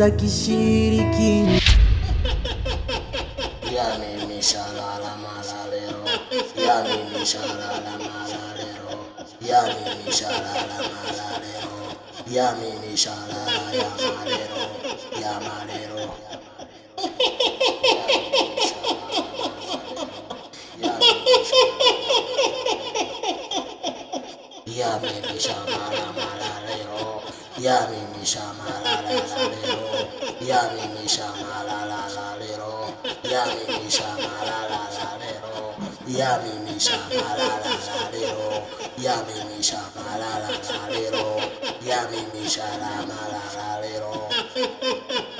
za kishirikina. Yani nishalala malalero, yani nishalala shama la la la Yummy me shama la la la shama la la la shama la la la shama la la la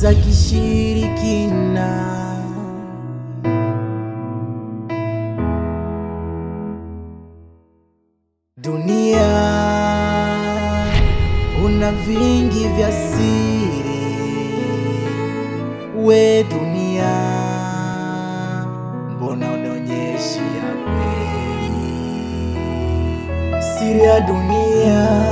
za kishirikina. Dunia una vingi vya siri, we dunia, mbona unaonyeshi ya kweli? Siri ya dunia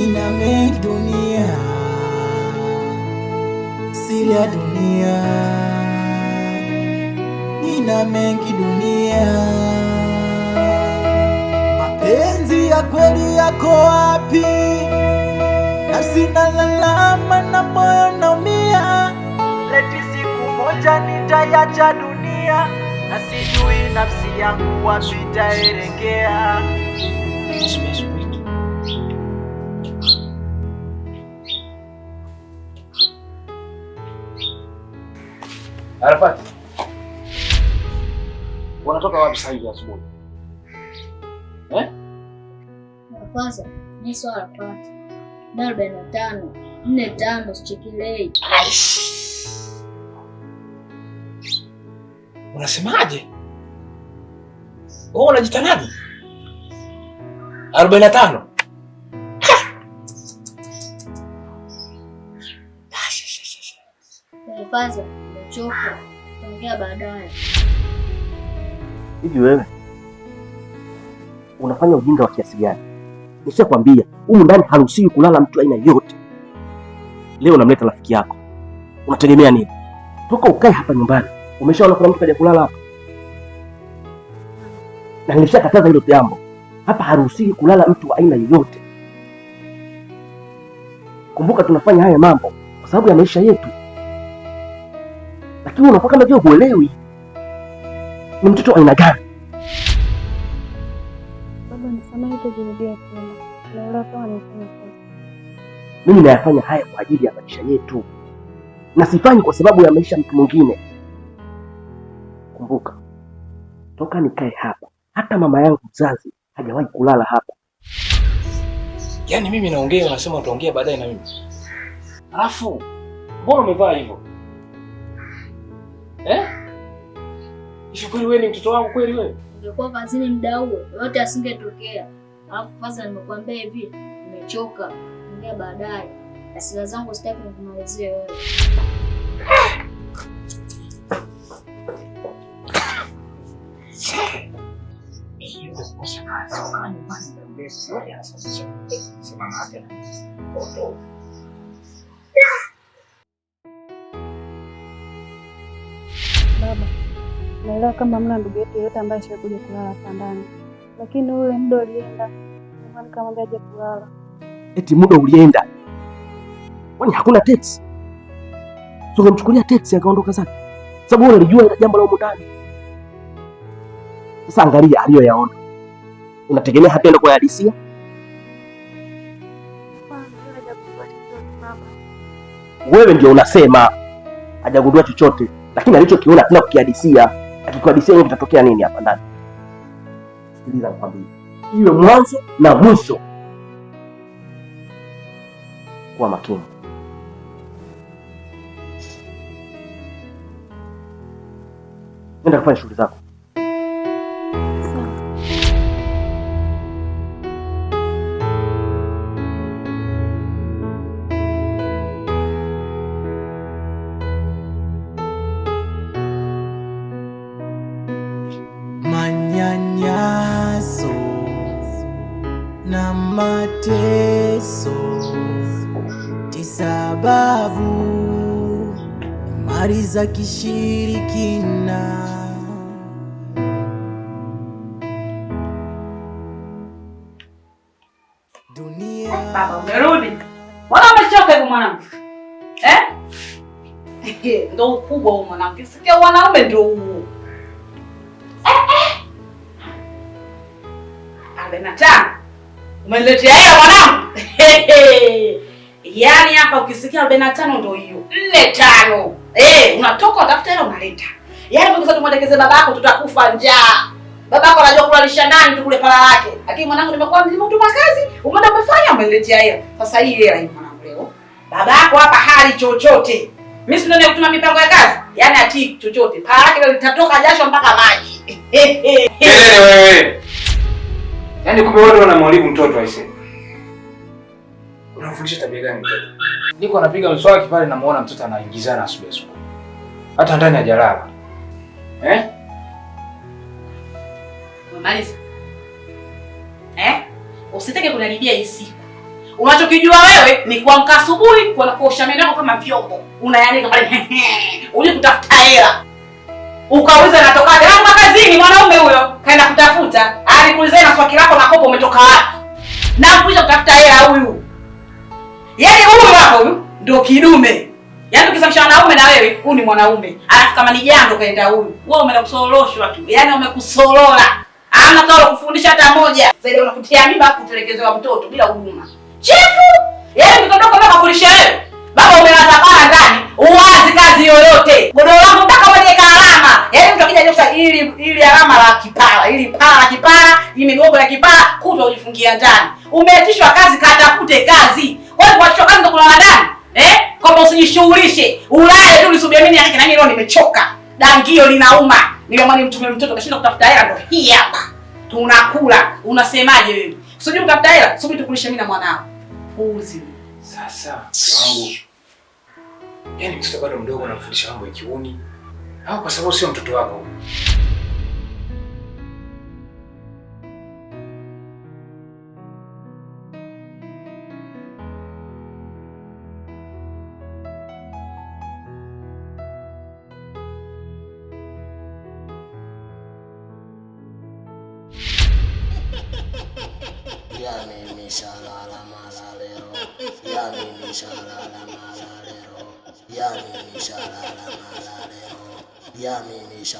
ina mengi dunia asili ya dunia, nina mengi dunia. Mapenzi ya kweli yako wapi? Nafsi nalalama na moyo naumia, leti siku moja nitayacha dunia, na sijui nafsi yangu wapi itaelekea. Arafati, wanatoka wapi sasa hivi asubuhi? Eh? Kwanza ni swala Arafati. Arobaini na tano, nne tano sichekelei. Unasemaje? Wewe unajitanaje? nani? Arobaini na tano. Kwanza nimechoka. Ongea baadaye. Hivi wewe unafanya ujinga wa kiasi gani? Nishakwambia humu ndani haruhusiwi kulala mtu aina yote. Leo unamleta rafiki yako, unategemea nini? Toka ukae hapa nyumbani. Umeshaona kuna mtu kaja kulala hapa? Na nilishakataza hilo jambo. Hapa haruhusiwi kulala mtu wa aina yoyote. Kumbuka tunafanya haya mambo kwa sababu ya maisha yetu. Lakini unakuwa kama vile huelewi ni mtoto aina gani. Mimi nayafanya haya kwa ajili ya maisha yetu na sifanyi kwa sababu ya maisha mtu mwingine. Kumbuka, toka nikae hapa, hata mama yangu mzazi hajawahi kulala hapa. Yaani mimi naongea, unasema utaongea baadaye na mimi alafu, mbona umevaa hivyo? Eh? Shukuru wewe ni mtoto wangu kweli wewe? Ungekuwa kazini muda huo, yote asingetokea. Alafu kwanza nimekuambia hivi, nimechoka. Ongea baadaye. Hasira zangu sitaki kumalizia wewe. Baba, naelewa kama mna ndugu yetu yoyote ambaye ashakuja kulala hapa ndani, lakini ule muda ulienda, kama aje kulala. Eti muda ulienda? Kwani hakuna teksi? So kamchukulia teksi akaondoka zake, sababu wewe unalijua ile jambo la huko ndani. Sasa angalia aliyoyaona, unategemea hataenda kuyahadisia? Wewe ndio unasema hajagundua chochote lakini alichokiona tuna kukihadisia. Akikuhadisia wewe kitatokea nini hapa ndani? Sikiliza nikwambie, iwe mwanzo na mwisho. Kuwa makini. Nenda kufanya shughuli zako. kishirikina. Dunia. Baba, umerudi. Mbona umechoka hivyo mwanangu? Eh? Ndio ukubwa huo mwanangu. Sikia wanaume ndio huo. Eh eh. Arobaini na tano. Umeniletea hela mwanangu. Yaani hapa ukisikia arobaini tano ndio hiyo. Nne tano. Eh, unatoka utafuta hela unaleta. Yaani mwanzo tumwelekeze babako tutakufa njaa. Babako anajua kulalisha nani tu kule pala lake. Lakini mwanangu nimekuwa nimetuma kazi, umeenda umefanya umeletea hela. Sasa hii hela hii mwanangu leo. Babako hapa hali chochote. Mimi si ndio kutuma mipango ya kazi? Yaani ati chochote. Pala lake ndio litatoka jasho mpaka maji. Wewe wewe. Yaani kumbe wewe wana mwalimu mtoto aisee. Unamfundisha tabia gani mtoto? niko napiga mswaki pale, namuona mtoto anaingizana asubuhi asubuhi, hata ndani hajalala eh? eh? Usitake kunaribia hii siku. Unachokijua wewe ni kuamka asubuhi kwa kuosha meno yako kama vyombo. Unayanika pale. Uje kutafuta hela. Ukauliza natoka wapi? Kazini mwanaume huyo kaenda kutafuta. Alikuuliza na swaki lako na kopo umetoka wapi? Na kuja kutafuta hela huyu ndo kinume. Yaani ukisafisha wanaume na wewe, huyu ni mwanaume. Alafu kama ni jando kaenda huyu. Wewe umekusoloshwa tu. Yaani umekusolola. Hamna tolo kufundisha hata moja. Zaidi unakutia mimba afu kutelekezewa mtoto bila huduma. Chifu! Yaani mtoto kama kulisha wewe. Baba umelaza pala ndani. Uwazi kazi yoyote. Godoro lako mpaka wajeka alama. Yaani mtu akija nyosha ili ili alama la kipara, ili pala la kipara, ili migogo ya kipara, kutwa ujifungia ndani. Umeachishwa kazi, katafute kazi. Wewe kwa kazi ndo kulala ndani eh? Kama usijishughulishe ulale tu nisubiri mimi yake, na mimi leo nimechoka, dangio linauma, niliamani mtume mtoto kashinda kutafuta hela, ndo hii hapa tunakula. Unasemaje wewe? Usijui kutafuta hela, subiri tukulishe mimi na mwanao. Puuzi sasa wangu, Yaani mtoto bado mdogo, namfundisha mambo ya kiuni au kwa sababu sio mtoto wako.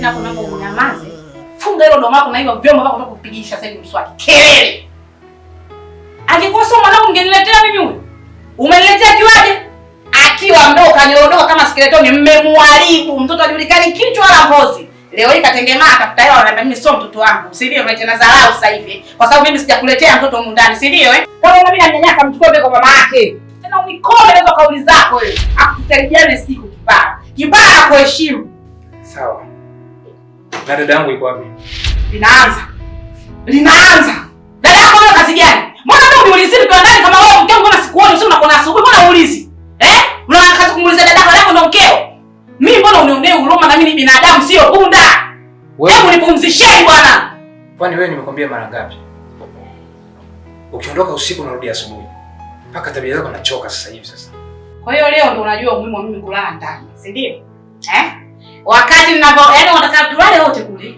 hivi nako nako unyamaze. Funga hilo domo lako na hiyo vyombo vyako unataka sasa hivi mswaki. Kelele. Angekuwa sio mwanangu ungeniletea mimi huyu. Umeniletea kiwaje? Akiwa mdogo kaniondoka kama skeletoni mmemwaribu. Mtoto ajulikani kichwa wala ngozi. Leo hii katengemaa atafuta hela ananiambia mimi sio mtoto wangu. Si ndio unaitana dharau sasa hivi? Kwa sababu mimi sijakuletea mtoto humu ndani, si ndio eh? Kwa nini mimi nanyanyaka mchukue mbele kwa mama yake? Tena unikole hizo kauli zako wewe. Akutarijiane siku kibaya. Kibaya kuheshimu. Sawa. Na dada yangu iko wapi? Linaanza. Linaanza. Dada yako ana kazi gani? Mbona ndio uniulizi kwa ndani kama wewe mkeo mbona sikuoni usiku unakuwa asubuhi mbona uniulizi? Eh? Mbona kazi kumuuliza dada yako leo ndio mkeo? Mimi mbona unionee huruma na mimi ni binadamu sio punda? Hebu nipumzisheni bwana. Kwani wewe nimekwambia mara ngapi? Ukiondoka usiku unarudi asubuhi. Paka tabia yako nachoka sasa hivi sasa. Kwa hiyo leo ndio unajua umuhimu wa mimi kulala ndani, si ndio? Eh? Wakati ninavyo yani wanataka tulale wote kule.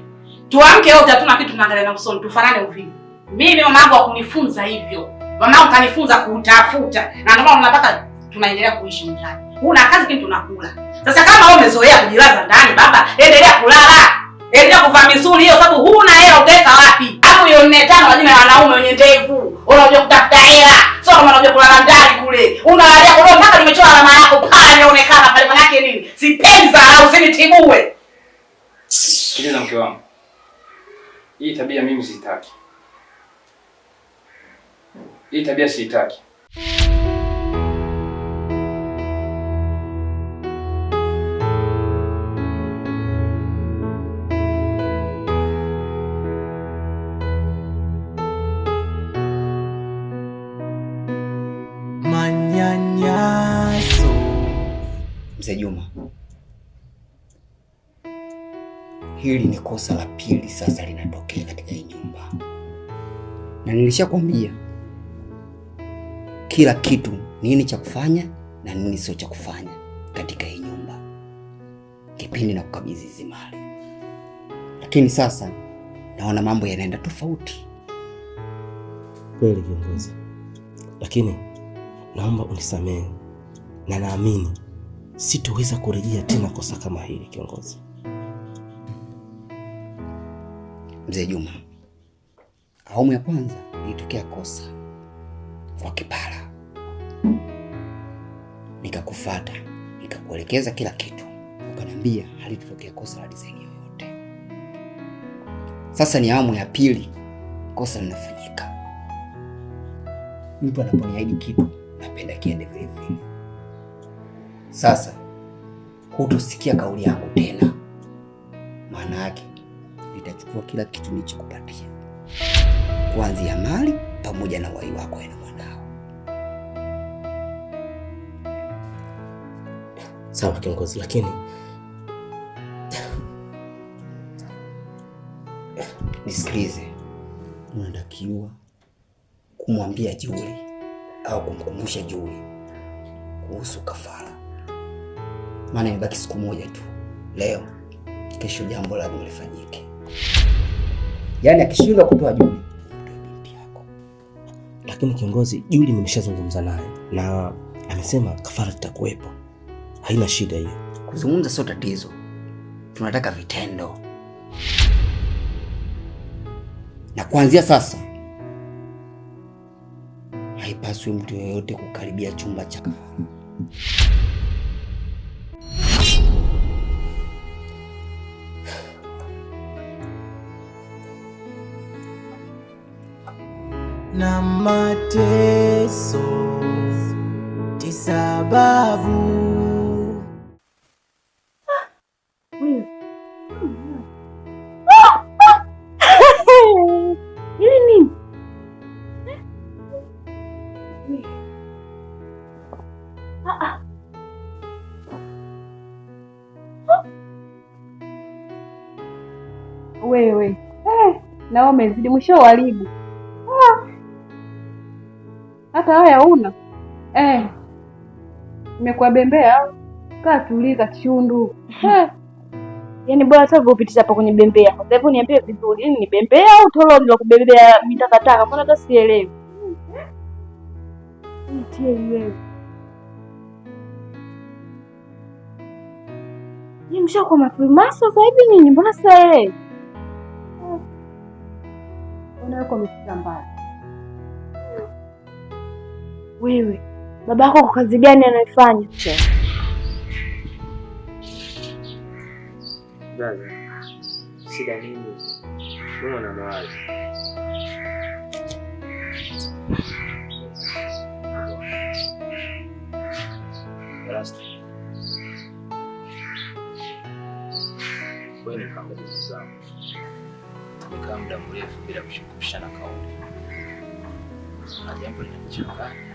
Tuamke wote hatuna kitu tunaangalia na usoni tufanane uvivu. Mimi mama yangu akunifunza hivyo. Mama yangu kanifunza kutafuta. Na ndio maana tunataka tunaendelea kuishi mtaani. Una kazi kitu tunakula. Sasa kama wewe umezoea kujilaza ndani baba, endelea kulala. Endelea kuvaa misuli hiyo sababu huna hela utaweka wapi? Hapo hiyo 4 tano kwa jina la wanaume wenye ndevu. Unajua kutafuta hela. Sio kama unajua kiguwe. Sikiliza mke wangu, hii tabia mimi sitaki hii tabia siitaki. Mzee Juma hili ni kosa la pili sasa linatokea katika hii nyumba, na nilishakwambia kila kitu, nini cha kufanya na nini sio cha kufanya katika hii nyumba kipindi na kukabidhi hizi mali. Lakini sasa naona mambo yanaenda tofauti kweli, viongozi. Lakini naomba unisamehe na naamini sitoweza kurejea tena kosa kama hili, kiongozi. Mzee Juma, awamu ya kwanza ilitokea kosa kwa kipara, nikakufata nikakuelekeza kila kitu, ukaniambia halitotokea kosa la design yoyote. Sasa ni awamu ya pili, kosa linafanyika. Mtu anaponiahidi kitu napenda kiende vile vile. Sasa hutosikia kauli yangu tena, maana yake kwa kila kitu nilichokupatia, kuanzia mali pamoja na wai wako na mwanao. Sawa kiongozi, lakini nisikilize, unatakiwa kumwambia Juli au kumkumbusha Juli kuhusu kafara, maana imebaki siku moja tu leo, kesho jambo lazima lifanyike. Yaani akishindwa kutoa Juli yako. Lakini kiongozi, Juli nimeshazungumza naye na amesema kafara zitakuwepo haina shida hiyo. Kuzungumza sio tatizo, tunataka vitendo. Na kuanzia sasa haipaswi mtu yoyote kukaribia chumba cha kafara. na mateso ti sababu wewe, hey, eh, na umezidi mwisho uharibu hata haya huna eh. Nimekuwa bembea, kaa tuliza chundu mhm. eh. Yaani bora hata kupitisha hapa kwenye bembea. Kwa hivyo niambie vizuri, yaani ni bembea au toroli la kubebea mitakataka? Mbona hata sielewi. Ni mshakuwa mafilmaso hivi nyinyi, mbona sielewi. Mbona yuko mfika wewe baba yako kwa kazi gani anaifanya? Dada, shida nini? Wewe una mawazo. Nikaa muda mrefu bila kushukishana kauli na jambo linachanganya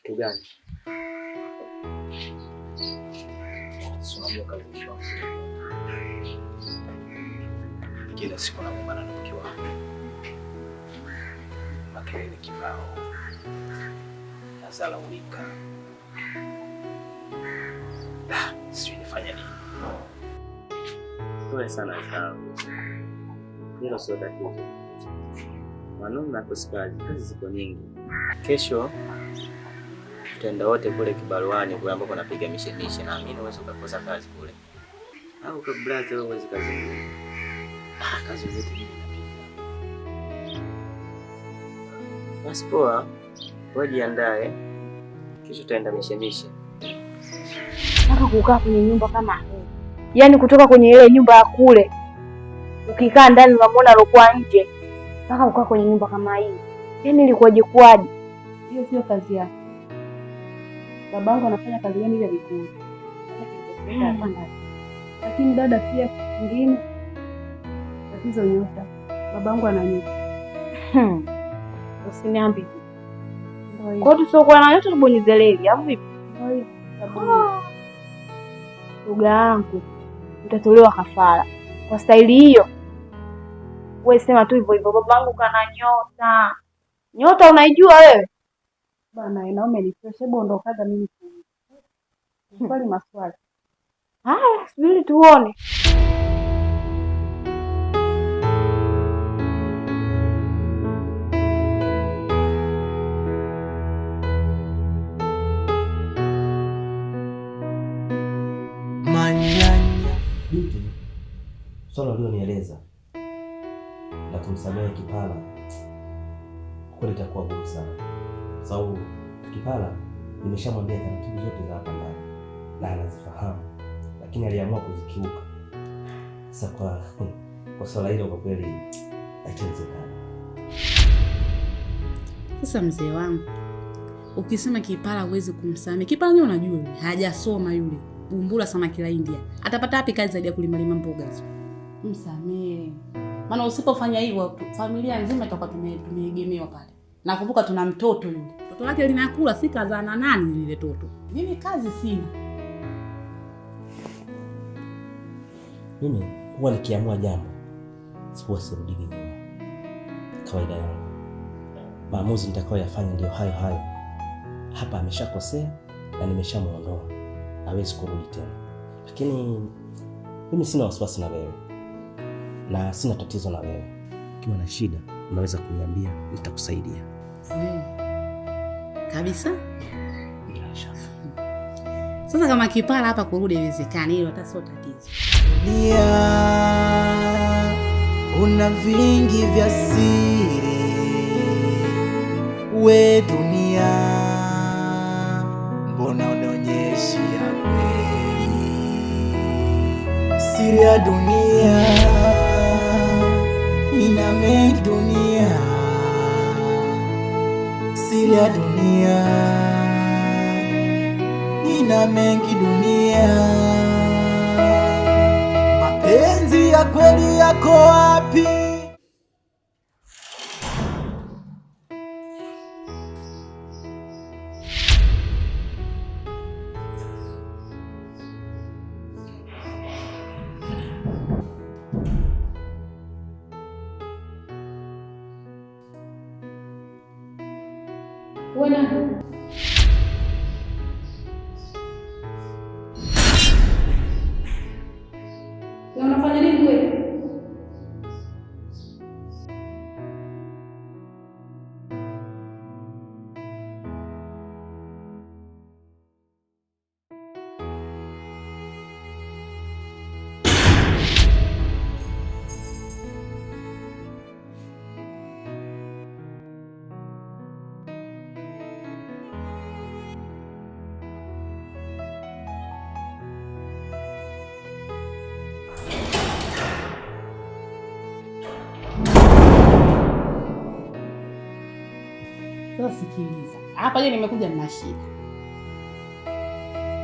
kitu gani? Kila siku nagombana na mke wangu, makelele kibao, nazalaulika, sijui nifanya nini. Pole sana kakaangu, hilo sio tatizo. Mwanaume akosikazi, kazi ziko nyingi. Kesho tutaenda wote kule kibaruani kule ambako napiga mishe mishe, na naamini uwezi ukakosa kazi kule. Au kwa brother, wewe uwezi kazi kule. Ah, kazi zote mimi napiga. Basi poa, wewe jiandae, kesho tutaenda mishe. Nataka kukaa kwenye nyumba kama hii, yaani kutoka kwenye ile nyumba ya kule, ukikaa ndani unamwona alokuwa nje, mpaka kukaa kwenye nyumba kama hii, yaani ilikuwaje? Kuwaje? Hiyo sio kazi yako babangu anafanya kazi gani ile vikundi, mm. lakini dada pia kingine tatizo nyota, babangu ana nyota. Hmm. Usiniambi kwa tusiokuwa na nyota tubonyeze leli au vipi? Ah. Lugha yangu utatolewa kafara kwa staili hiyo. Wewe sema tu hivyo hivyo, babangu kana nyota. Nyota unaijua wewe? Bana inaume ni fresh, hebu ondokaga mimi swali hmm. maswali haya, subiri tuone. Swala ulionieleza la kumsamehe Kipala kweli itakuwa gumu sana sababu Kipala nimeshamwambia taratibu zote za hapa ndani na anazifahamu, lakini aliamua kuzikiuka. Sasa kwa kwa swala hilo kwa kweli haiwezekani. Sasa mzee wangu, ukisema Kipala huwezi kumsamehe Kipala, nyewe unajua hajasoma yule bumbula sana kila India, atapata wapi kazi zaidi ya kulimalima mboga? Msamehe, maana usipofanya hivyo familia nzima itakuwa tumeegemewa pale. Nakumbuka tuna mtoto yule, mtoto wake linakula na nani lile toto. Mimi kazi sina. Mimi huwa nikiamua jambo sikuwa sirudi nyuma, kawaida yangu. Maamuzi yafanya ndio hayo hayo. Hapa ameshakosea na nimeshamwondoa, hawezi kurudi tena. Lakini mimi sina wasiwasi na wewe na sina tatizo na wewe, ukiwa na shida unaweza kuniambia, nitakusaidia eh. Kabisa. Sasa kama kipara hapa kurudi iwezekani, hilo hata sio tatizo. Una vingi vya siri, we dunia, mbona unaonyeshi ya kweli? Siri ya dunia inamake dunia, siri ya dunia ina mengi dunia. Mapenzi ya kweli yako wapi? Buenas noches. Leo sikiliza hapa, je, nimekuja na shida.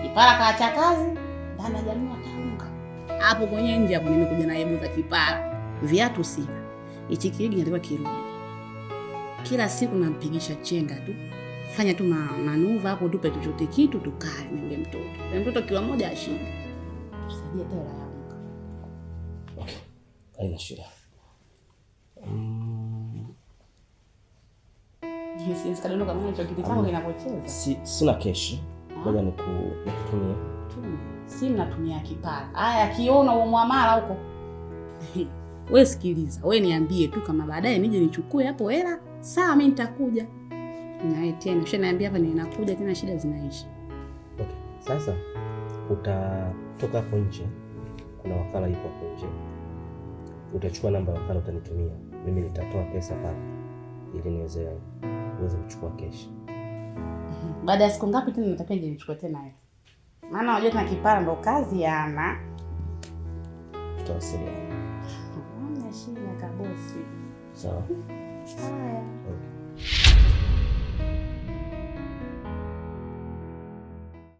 Kipara kaacha kazi dana ya jamii hapo kwenye nje hapo. Nimekuja na ebu za kipara, viatu sina, hichi kirigi natakiwa kirudi. Kila siku nampigisha chenga tu, fanya tu manuva hapo, tupe chochote kitu tukae, niule mtoto mtoto kiwa moja ashinde, tusaidie hata yangu. Okay, haina shida. sina keshi. moja ah. nikutumia Si mnatumia kipara. aya akiona huo huko. We sikiliza, we niambie tu kama baadaye nije nichukue hapo hela, sawa mi nitakuja. Nawe tena shnaambia hapa ninakuja tena shida zinaishi. Okay. Sasa utatoka hapo nje. Kuna wakala yuko hapo nje. Utachukua namba ya wakala utanitumia. Mimi nitatoa pesa pale ili niweze uweze kuchukua kesho. Baada ya siku ngapi tena natakiwa nje nichukue tena hiyo? Maana unajua tuna kipara ndo kazi yana. Tutawasiliana. Hamna shida kabosi. Sawa. Haya.